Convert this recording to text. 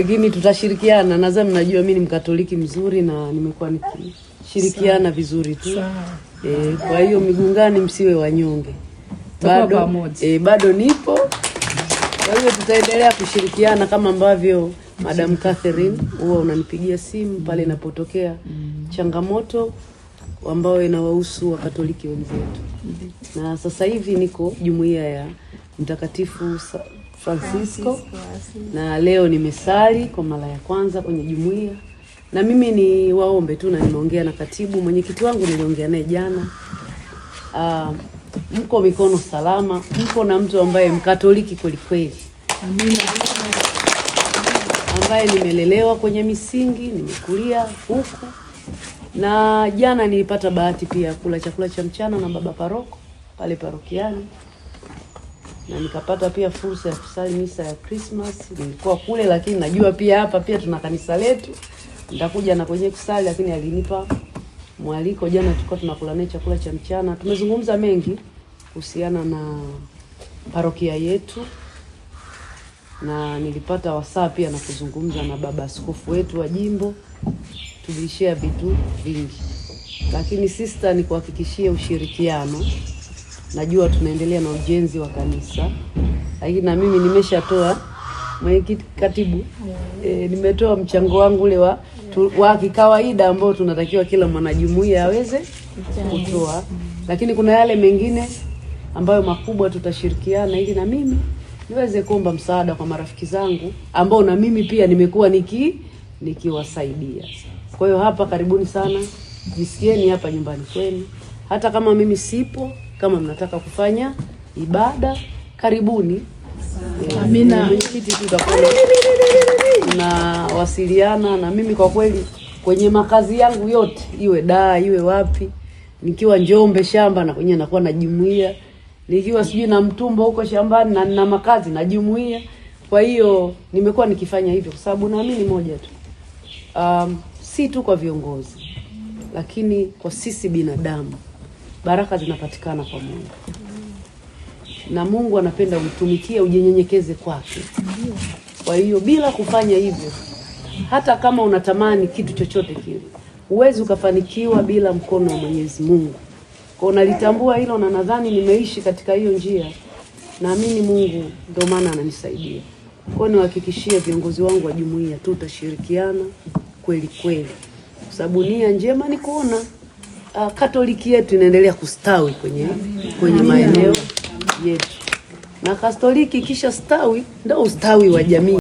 Lakini tutashirikiana, nadhani mnajua mimi ni Mkatoliki mzuri na nimekuwa nikishirikiana vizuri tu e, kwa hiyo Migungani msiwe wanyonge bado, e, bado nipo. Kwa hiyo tutaendelea kushirikiana kama ambavyo Madam Catherine huwa unanipigia simu pale inapotokea mm. changamoto ambayo inawahusu Wakatoliki wenzetu, mm. na sasa hivi niko jumuiya ya Mtakatifu Francisco, Francisco na leo nimesali kwa mara ya kwanza kwenye jumuiya, na mimi ni waombe tu, na nimeongea na katibu mwenyekiti wangu, niliongea naye jana. Uh, mko mikono salama, mko na mtu ambaye mkatoliki kweli kweli, ambaye nimelelewa kwenye misingi, nimekulia huku, na jana nilipata bahati pia kula chakula cha mchana na baba paroko pale parokiani na nikapata pia fursa ya kusali misa ya Christmas. Nilikuwa kule, lakini najua pia hapa pia tuna kanisa letu, nitakuja na kwenye kusali, lakini alinipa mwaliko jana. Tulikuwa tunakula naye chakula cha mchana, tumezungumza mengi kuhusiana na parokia yetu na nilipata wasaa pia na kuzungumza na baba askofu wetu wa jimbo, tulishia vitu vingi, lakini sista, nikuhakikishie ushirikiano najua tunaendelea na ujenzi wa kanisa, lakini na mimi nimeshatoa mwenyekiti, katibu e, nimetoa mchango wangu ule wa tu, wa kikawaida ambao tunatakiwa kila mwanajumuiya aweze kutoa, lakini kuna yale mengine ambayo makubwa tutashirikiana, ili na mimi niweze kuomba msaada kwa marafiki zangu ambao na mimi pia nimekuwa niki nikiwasaidia. Kwa hiyo hapa karibuni sana, jisikieni hapa nyumbani kwenu hata kama mimi sipo. Kama mnataka kufanya ibada, karibuni. Amina. Mwenyekiti tutakuwa na mimi kwa kweli kwenye makazi yangu yote, iwe daa iwe wapi, nikiwa Njombe shamba na kwenye nakuwa na nikiwa sijui na mtumbo huko shambani na na makazi na jumuiya. Kwa hiyo nimekuwa nikifanya hivyo kwa sababu naamini moja tu, um, si tu kwa viongozi, lakini kwa sisi binadamu baraka zinapatikana kwa Mungu na Mungu anapenda umtumikie, ujinyenyekeze kwake. Kwa hiyo bila kufanya hivyo, hata kama unatamani kitu chochote kile, huwezi ukafanikiwa bila mkono wa Mwenyezi Mungu. Kwa nalitambua hilo na nadhani nimeishi katika hiyo njia, naamini Mungu ndio maana ananisaidia. Kwa niwahakikishie viongozi wangu wa jumuiya, tutashirikiana kweli kweli, kwa sababu nia njema ni kuona uh, Katoliki yetu inaendelea kustawi kwenye, kwenye maeneo yetu na Katoliki kisha stawi ndio ustawi wa jamii.